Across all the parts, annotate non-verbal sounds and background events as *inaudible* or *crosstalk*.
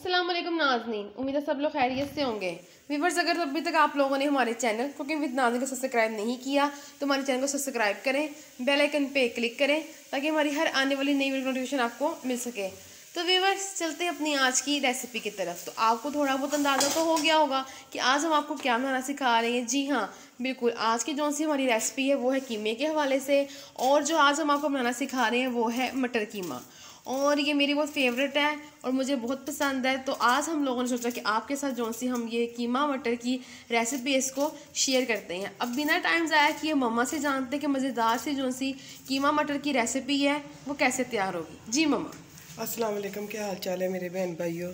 असलम नाजनीन उम्मीद है सब लोग खैरियत से होंगे वीवर्स अगर अभी तक आप लोगों ने हमारे चैनल कुकिंग विद नाजन को सब्सक्राइब नहीं किया तो हमारे चैनल को सब्सक्राइब करें बेल आइकन पे क्लिक करें ताकि हमारी हर आने वाली नई वीडियो नोटिफिकेशन आपको मिल सके तो वीवर्स चलते हैं अपनी आज की रेसिपी की तरफ तो आपको थोड़ा बहुत अंदाज़ा तो हो गया होगा कि आज हम आपको क्या बनाना सिखा रहे हैं जी हाँ बिल्कुल आज की जो सी हमारी रेसिपी है वो है कीमे के हवाले से और जो आज हम आपको बनाना सिखा रहे हैं वो है मटर कीमा और ये मेरी बहुत फेवरेट है और मुझे बहुत पसंद है तो आज हम लोगों ने सोचा कि आपके साथ जो सी हम ये कीमा मटर की रेसिपी इसको शेयर करते हैं अब बिना टाइम ज़ाया किए मम्मा से जानते हैं कि मज़ेदार सी जो सी कीमा मटर की रेसिपी है वो कैसे तैयार होगी जी मम्मा असलम क्या हाल चाल है मेरे बहन भाइयों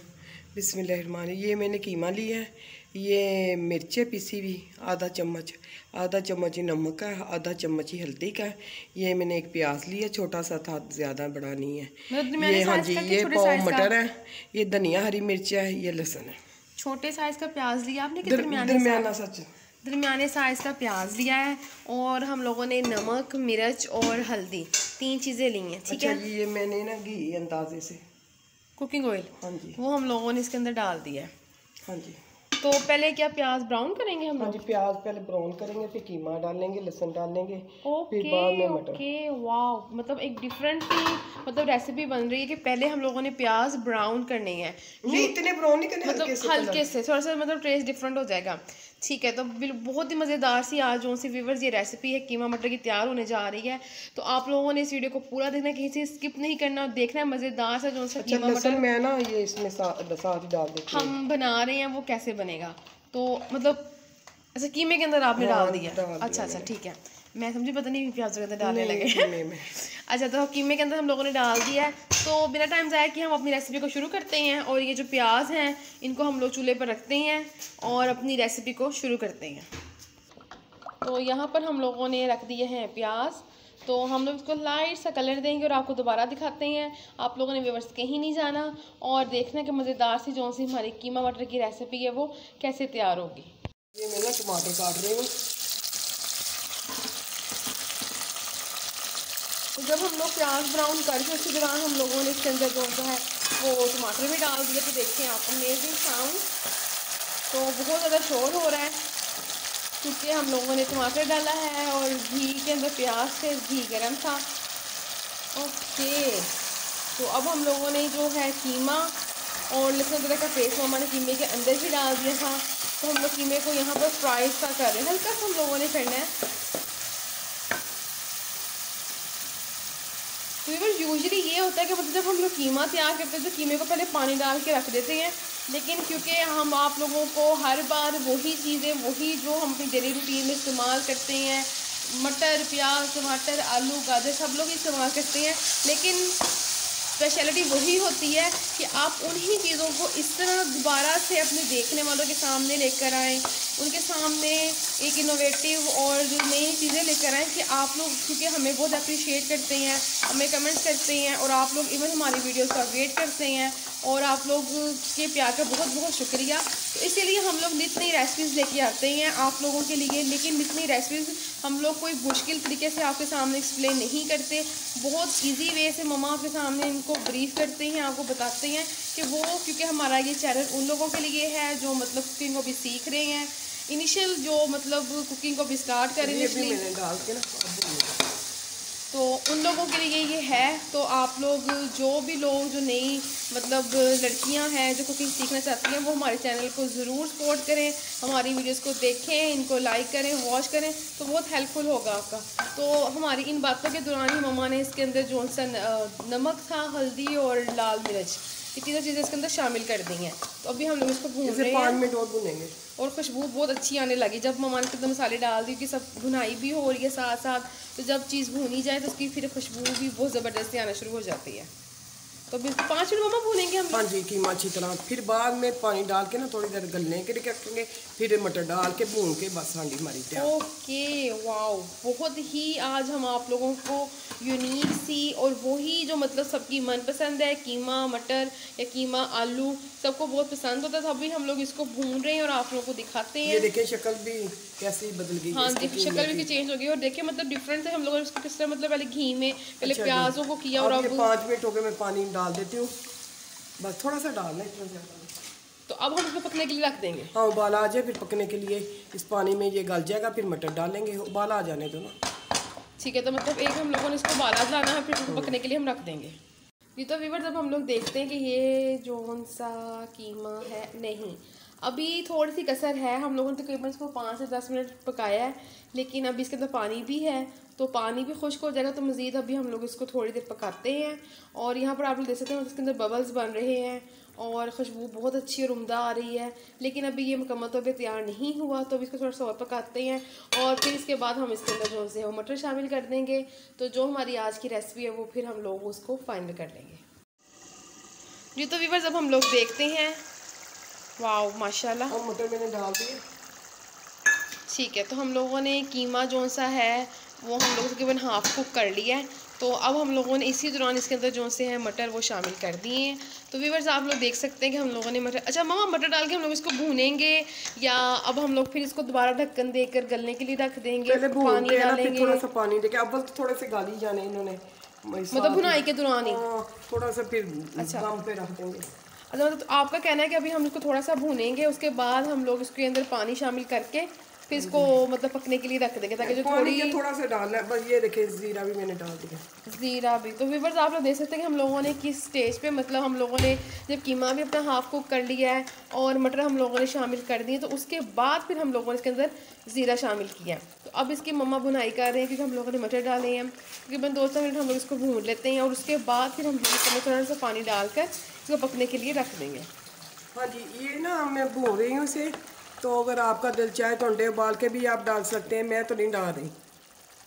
बिस्मिल्लाह ये मैंने कीमा लिया है ये मिर्चें पीसी हुई आधा चम्मच आधा चम्मच ही नमक का आधा चम्मच ही हल्दी का ये मैंने एक प्याज लिया छोटा सा था ज़्यादा बड़ा नहीं है मतलब ये हाँ जी ये पाव मटर है ये धनिया हरी मिर्च है ये लहसुन है छोटे साइज़ का प्याज लिया आपने दरमियाना सच दरमियाने साइज़ का प्याज लिया है और हम लोगों ने नमक मिर्च और हल्दी तीन चीज़ें ली हैं ठीक अच्छा, है ये मैंने ना घी अंदाजे से कुकिंग ऑयल हाँ जी वो हम लोगों ने इसके अंदर डाल दिया है हाँ जी तो पहले क्या प्याज ब्राउन करेंगे हम हाँ जी प्याज पहले ब्राउन करेंगे फिर कीमा डालेंगे लहसुन डालेंगे ओके मटर ओके वाओ मतलब एक डिफरेंट मतलब रेसिपी बन रही है कि पहले हम लोगों ने प्याज ब्राउन करने हैं नहीं इतने ब्राउन नहीं करने मतलब हल्के से थोड़ा सा मतलब टेस्ट डिफरेंट हो जाएगा ठीक है तो बहुत ही मज़ेदार सी आज जो सी व्यूवर्स ये रेसिपी है कीमा मटर की तैयार होने जा रही है तो आप लोगों ने इस वीडियो को पूरा देखना कहीं से स्किप नहीं करना देखना है मज़ेदार सा जो सा अच्छा, कीमा मटर मैं ना ये इसमें सा, डाल देती हम बना रहे हैं वो कैसे बनेगा तो मतलब अच्छा कीमे के अंदर आपने हाँ, डाल दिया अच्छा अच्छा ठीक है मैं समझी पता नहीं प्याज के अंदर तो डालने लगे *laughs* अच्छा तो कीमे के अंदर हम लोगों ने डाल दिया है तो बिना टाइम ज़ाया कि हम अपनी रेसिपी को शुरू करते हैं और ये जो प्याज हैं इनको हम लोग चूल्हे पर रखते हैं और अपनी रेसिपी को शुरू करते हैं तो यहाँ पर हम लोगों ने रख दिए हैं प्याज तो हम लोग इसको लाइट सा कलर देंगे और आपको दोबारा दिखाते हैं आप लोगों ने व्यवर्स कहीं नहीं जाना और देखना कि मज़ेदार सी जो सी हमारी कीमा मटर की रेसिपी है वो कैसे तैयार होगी ये मैं टमाटर काट रही हूँ जब हम लोग प्याज ब्राउन करके उसके दौरान हम लोगों ने इसके अंदर जो है वो टमाटर भी डाल दिए तो देखते हैं आप अमेजिंग साउंड तो बहुत ज़्यादा शोर हो रहा है क्योंकि हम लोगों ने टमाटर डाला है और घी के अंदर प्याज से घी गर्म था ओके तो अब हम लोगों ने जो है कीमा और लहसुन अदरक का पेस्ट वो हमारे कीमे के अंदर भी डाल दिया था तो हम लोग कीमे को यहाँ पर फ्राई सा कर रहे हैं हल्का सा हम लोगों ने करना है तो वीवर यूजली ये होता है कि मतलब जब हम लोग कीमा तैयार करते हैं तो कीमे को पहले पानी डाल के रख देते हैं लेकिन क्योंकि हम आप लोगों को हर बार वही चीज़ें वही जो हम अपनी डेली रूटीन में इस्तेमाल करते हैं मटर प्याज टमाटर आलू गाजर सब लोग इस्तेमाल करते हैं लेकिन स्पेशलिटी वही होती है कि आप उन्हीं चीज़ों को इस तरह दोबारा से अपने देखने वालों के सामने लेकर आएँ उनके सामने एक इनोवेटिव और नई चीज़ें लेकर आएँ कि आप लोग क्योंकि हमें बहुत अप्रिशिएट करते हैं हमें कमेंट्स करते हैं और आप लोग इवन हमारी वीडियोज़ का वेट करते हैं और आप लोग के प्यार का बहुत बहुत शुक्रिया तो इसीलिए हम लोग नित नई रेसिपीज़ लेके आते हैं आप लोगों के लिए लेकिन नित नई रेसिपीज़ हम लोग कोई मुश्किल तरीके से आपके सामने एक्सप्लेन नहीं करते बहुत इजी वे से मम्मा आपके सामने इनको ब्रीफ करते हैं आपको बताते हैं कि वो क्योंकि हमारा ये चैनल उन लोगों के लिए है जो मतलब कुकिंग अभी सीख रहे हैं इनिशियल जो मतलब कुकिंग को अभी स्टार्ट करें तो उन लोगों के लिए ये है तो आप लोग जो भी लोग जो नई मतलब लड़कियां हैं जो कुकिंग सीखना चाहती हैं वो हमारे चैनल को ज़रूर सपोर्ट करें हमारी वीडियोस को देखें इनको लाइक करें वॉच करें तो बहुत हेल्पफुल होगा आपका तो हमारी इन बातों के दौरान ही ममा ने इसके अंदर जो सा नमक था हल्दी और लाल मिर्च ये तीनों चीज़ें इसके अंदर शामिल कर दी हैं तो अभी हम लोग इसको भून रहे हैं मिनट और भूनेंगे और खुशबू बहुत अच्छी आने लगी जब ममान के अंदर मसाले डाल दी कि सब भुनाई भी हो रही है साथ साथ तो जब चीज़ भूनी जाए तो उसकी फिर खुशबू भी बहुत ज़बरदस्ती आना शुरू हो जाती है तो अभी पाँच मिनट ममा भूनेंगे हम पाँच की कीमा अच्छी तरह फिर बाद में पानी डाल के ना थोड़ी देर गलने के लिए रखेंगे फिर मटर डाल के भून के बस हांडी मारी ओके वाओ बहुत ही आज हम आप लोगों को यूनिक सी और वही जो मतलब सबकी मनपसंद है कीमा मटर या कीमा आलू सबको बहुत पसंद होता था तो अभी हम लोग इसको भून रहे हैं और आप लोगों को दिखाते हैं ये देखिए शक्ल भी कैसी बदल गई हाँ देखिए शक्ल भी चेंज हो गई और देखिए मतलब डिफरेंट है हम लोगों ने इसको किस तरह मतलब पहले घी में अच्छा पहले प्याजों को किया और अब पाँच मिनट हो गए मैं पानी डाल देती हूँ बस थोड़ा सा डालना इतना तो अब हम इसको पकने के लिए रख देंगे हाँ उबाल आ जाए फिर पकने के लिए इस पानी में ये गल जाएगा फिर मटर डालेंगे उबाल आ जाने दो ना ठीक है तो मतलब एक हम लोगों ने इसको बारात लाना है फिर हाँ। पकने के लिए हम रख देंगे ये तो वीवर जब हम लोग देखते हैं कि ये जोन सा कीमा है नहीं अभी थोड़ी सी कसर है हम लोगों ने तकरीबन इसको पाँच से दस मिनट पकाया है लेकिन अभी इसके अंदर पानी भी है तो पानी भी खुश्क हो जाएगा तो मज़ीद अभी हम लोग इसको थोड़ी देर पकाते हैं और यहाँ पर आप लोग देख सकते हैं मतलब इसके अंदर बबल्स बन रहे हैं और खुशबू बहुत अच्छी और उमदा आ रही है लेकिन अभी ये मुकम्मल तौर तो पर तैयार नहीं हुआ तो अभी इसको थोड़ा सा और पकाते हैं और फिर इसके बाद हम इसके अंदर जो से वो मटर शामिल कर देंगे तो जो हमारी आज की रेसिपी है वो फिर हम लोग उसको फाइनल कर लेंगे जी तो वीवर जब हम लोग देखते हैं वाह माशाल्लाह और मटर मैंने डाल दिए ठीक है तो हम लोगों ने कीमा जो सा है वो हम लोग तकरीबन हाफ कुक कर लिया है तो अब हम लोगों ने इसी दौरान इसके अंदर जो से हैं मटर वो शामिल कर दिए हैं तो व्यूवर्स आप लोग देख सकते हैं कि हम लोगों ने मटर अच्छा मामा मटर डाल के हम लोग इसको भूनेंगे या अब हम लोग फिर इसको दोबारा ढक्कन देकर गलने के लिए रख देंगे पानी डालेंगे थोड़ा सा पानी तो थोड़े से गाली जाने इन्होंने मतलब भुनाई के दौरान ही हाँ, थोड़ा सा फिर अच्छा पे रख देंगे अच्छा मतलब तो आपका कहना है कि अभी हम इसको थोड़ा सा भूनेंगे उसके बाद हम लोग इसके अंदर पानी शामिल करके फिर इसको मतलब पकने के लिए रख देंगे ताकि जो थोड़ी थोड़ा सा डालना है बस ये देखिए ज़ीरा भी मैंने डाल दिया ज़ीरा भी तो वीवर्स आप लोग देख सकते हैं कि हम लोगों ने किस स्टेज पे मतलब हम लोगों ने जब कीमा भी अपना हाफ़ कुक कर लिया है और मटर हम लोगों ने शामिल कर दिए तो उसके बाद फिर हम लोगों ने इसके अंदर ज़ीरा शामिल किया तो अब इसकी मम्मा बुनाई कर रहे हैं क्योंकि हम लोगों ने मटर डाले हैं तकरीबन दो सौ मिनट हम लोग इसको भून लेते हैं और उसके बाद फिर हम लोग थोड़ा सा पानी डालकर इसको पकने के लिए रख देंगे हाँ जी ये ना मैं भून रही हूँ इसे तो अगर आपका दिल चाहे तो अंडे उबाल के भी आप डाल सकते हैं मैं तो नहीं डाल रही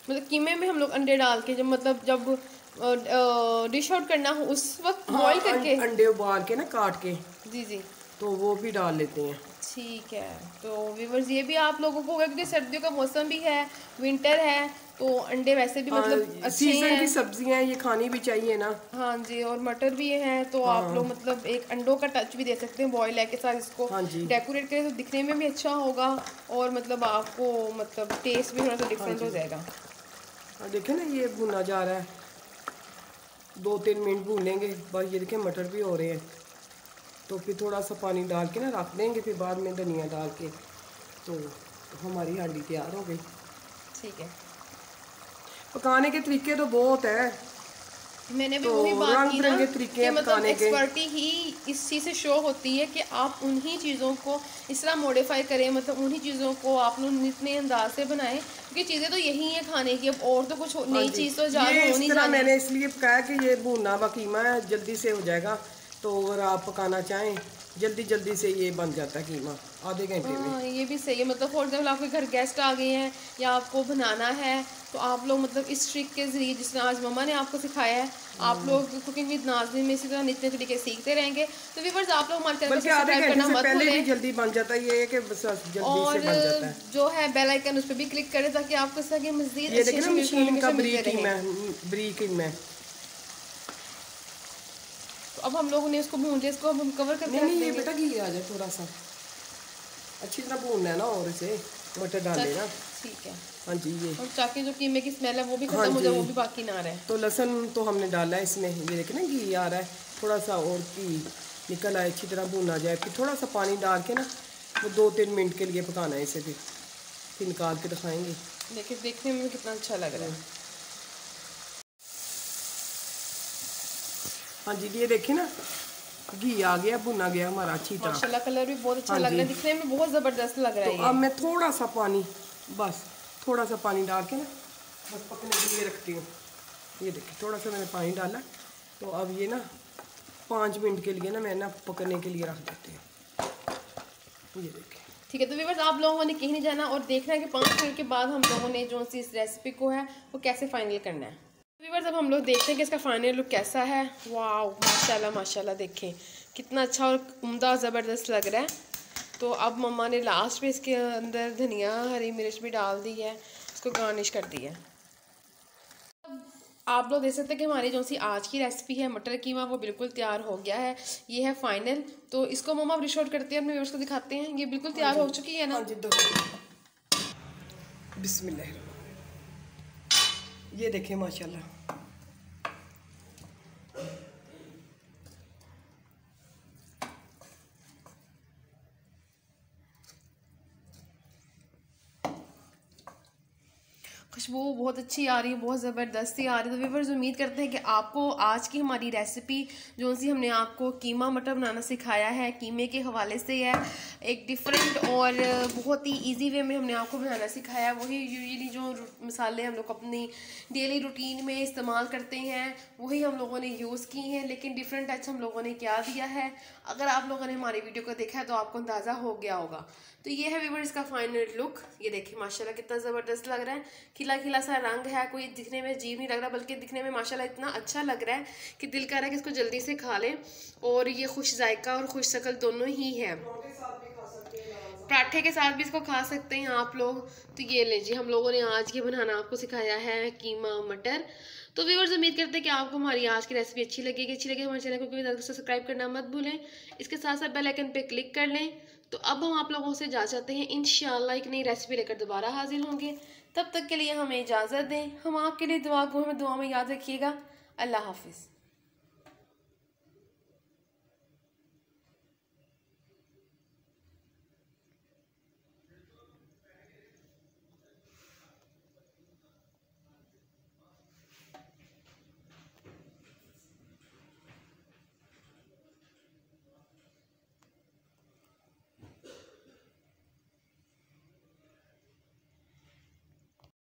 मतलब कीमे में हम लोग अंडे डाल के जब मतलब जब डिश आउट करना हो उस वक्त बॉईल हाँ, करके अंडे उबाल के ना काट के जी जी तो वो भी डाल लेते हैं ठीक है तो व्यूवर्स ये भी आप लोगों को होगा क्योंकि सर्दियों का मौसम भी है विंटर है तो अंडे वैसे भी हाँ, मतलब अच्छी हैं की सब्जियां ये खानी भी चाहिए ना हाँ जी और मटर भी है तो हाँ। आप लोग मतलब एक अंडों का टच भी दे सकते हैं बॉयल एग के साथ इसको हाँ डेकोरेट करें तो दिखने में भी अच्छा होगा और मतलब आपको मतलब टेस्ट भी थोड़ा सा डिफरेंट हाँ हो जाएगा हाँ, देखे ना ये भुना जा रहा है दो तीन मिनट भूनेंगे बस ये देखें मटर भी हो रहे हैं तो फिर थोड़ा सा पानी डाल के ना रख देंगे फिर बाद में धनिया डाल के तो, हमारी हांडी तैयार हो गई ठीक है पकाने के तरीके तो बहुत है मैंने भी तो वही बात की ना कि मतलब एक्सपर्टी ही इस चीज़ से शो होती है कि आप उन्हीं चीज़ों को इस तरह मॉडिफाई करें मतलब उन्हीं चीज़ों को आप लोग इतने अंदाज से बनाएं क्योंकि चीज़ें तो यही है खाने की अब और तो कुछ हाँ नई चीज़ तो जा मैंने इसलिए पकाया कि ये भूना वकीमा है जल्दी से हो जाएगा तो अगर आप पकाना चाहें जल्दी जल्दी से ये बन जाता है कीमा आधे घंटे में हाँ, ये भी सही है मतलब फॉर एग्जाम्पल आपके घर गेस्ट आ गए हैं या आपको बनाना है तो आप लोग मतलब इस ट्रिक के ज़रिए जिसने आज मम्मा ने आपको सिखाया है आप हाँ। लोग कुकिंग विद नाजमी में इसी तरह नित्य तरीके सीखते रहेंगे तो व्यूवर्स आप लोग हमारे चैनल को सब्सक्राइब करना मत भूलें जल्दी बन जाता है ये है कि बस जल्दी और से बन जाता है जो है बेल आइकन उस पर भी क्लिक करें ताकि आपको सके तरह की मज़ीद अब हम लोगों ने इसको भून लिया इसको अब हम कवर करते नहीं ये बेटा घी आ जाए थोड़ा सा अच्छी तरह भूनना है ना और इसे मटर डाल देना ठीक है हाँ जी ये और चाके जो कीमे की स्मेल है वो भी खत्म हाँ हो जाए वो भी बाकी ना रहे तो लहसन तो हमने डाला है इसमें ये देखे ना घी आ रहा है थोड़ा सा और घी निकल आए अच्छी तरह भूना जाए फिर थोड़ा सा पानी डाल के ना वो दो तीन मिनट के लिए पकाना है इसे फिर फिर निकाल के दिखाएंगे देखिए देखने में कितना अच्छा लग रहा है हाँ। हाँ जी ये देखिए ना घी आ गया भुना गया हमारा अच्छी तरह माशाल्लाह कलर भी बहुत अच्छा हाँ लग रहा है दिखने में बहुत ज़बरदस्त लग रहा है तो अब मैं थोड़ा सा पानी बस थोड़ा सा पानी डाल के ना बस पकने के लिए रखती हूँ ये देखिए थोड़ा सा मैंने पानी डाला तो अब ये ना पाँच मिनट के लिए ना मैं ना पकने के लिए रख देती हूँ ये देखिए ठीक है तो व्यवर्स आप लोगों ने कहीं नहीं जाना और देखना है कि पाँच मिनट के बाद हम लोगों ने जो इस रेसिपी को है वो कैसे फाइनल करना है वीवर अब हम लोग देखते हैं कि इसका फाइनल लुक कैसा है वाओ माशाल्लाह माशाल्लाह देखें कितना अच्छा और उम्दा ज़बरदस्त लग रहा है तो अब मम्मा ने लास्ट में इसके अंदर धनिया हरी मिर्च भी डाल दी है इसको गार्निश कर दी है आप लोग देख सकते हैं कि हमारी जो सी आज की रेसिपी है मटर कीमा वो बिल्कुल तैयार हो गया है ये है फाइनल तो इसको मम्मा अब रिशॉर्ट करते हैं अपने व्यवर्स को दिखाते हैं ये बिल्कुल तैयार हो चुकी है ना हाँ बिस्मिल्लाह ये देखें माशाल्लाह वो बहुत अच्छी आ रही है बहुत ज़बरदस्ती आ रही है तो व्यूवर्स उम्मीद करते हैं कि आपको आज की हमारी रेसिपी जो सी हमने आपको कीमा मटर बनाना सिखाया है कीमे के हवाले से है एक डिफरेंट और बहुत ही ईजी वे में हमने आपको बनाना सिखाया वही यूजली जो मसाले हम लोग अपनी डेली रूटीन में इस्तेमाल करते हैं वही हम लोगों ने यूज़ की हैं लेकिन डिफरेंट टच हम लोगों ने क्या दिया है अगर आप लोगों ने हमारी वीडियो को देखा है तो आपको अंदाज़ा हो गया होगा तो ये है व्यूवर इसका फाइनल लुक ये देखिए माशाल्लाह कितना ज़बरदस्त लग रहा है खिला खिला खिला सा रंग है कोई दिखने में अजीब नहीं लग रहा बल्कि दिखने में माशाल्लाह इतना अच्छा लग रहा है कि दिल कर रहा है कि इसको जल्दी से खा लें और ये खुश जायका और खुश शक्ल दोनों ही है पराठे के साथ भी इसको खा सकते हैं आप लोग तो ये ले जी हम लोगों ने आज ये बनाना आपको सिखाया है कीमा मटर तो व्यूवर्स उम्मीद करते हैं कि आपको हमारी आज की रेसिपी अच्छी लगेगी अच्छी लगेगी हमारे चैनल को क्योंकि ज़्यादा सब्सक्राइब करना मत भूलें इसके साथ साथ बेल आइकन पे क्लिक कर लें तो अब हम आप लोगों से जा चाहते हैं इन एक नई रेसिपी लेकर दोबारा हाजिर होंगे तब तक के लिए हमें इजाज़त दें हम आपके लिए दुआ को हमें दुआ में याद रखिएगा अल्लाह हाफिज़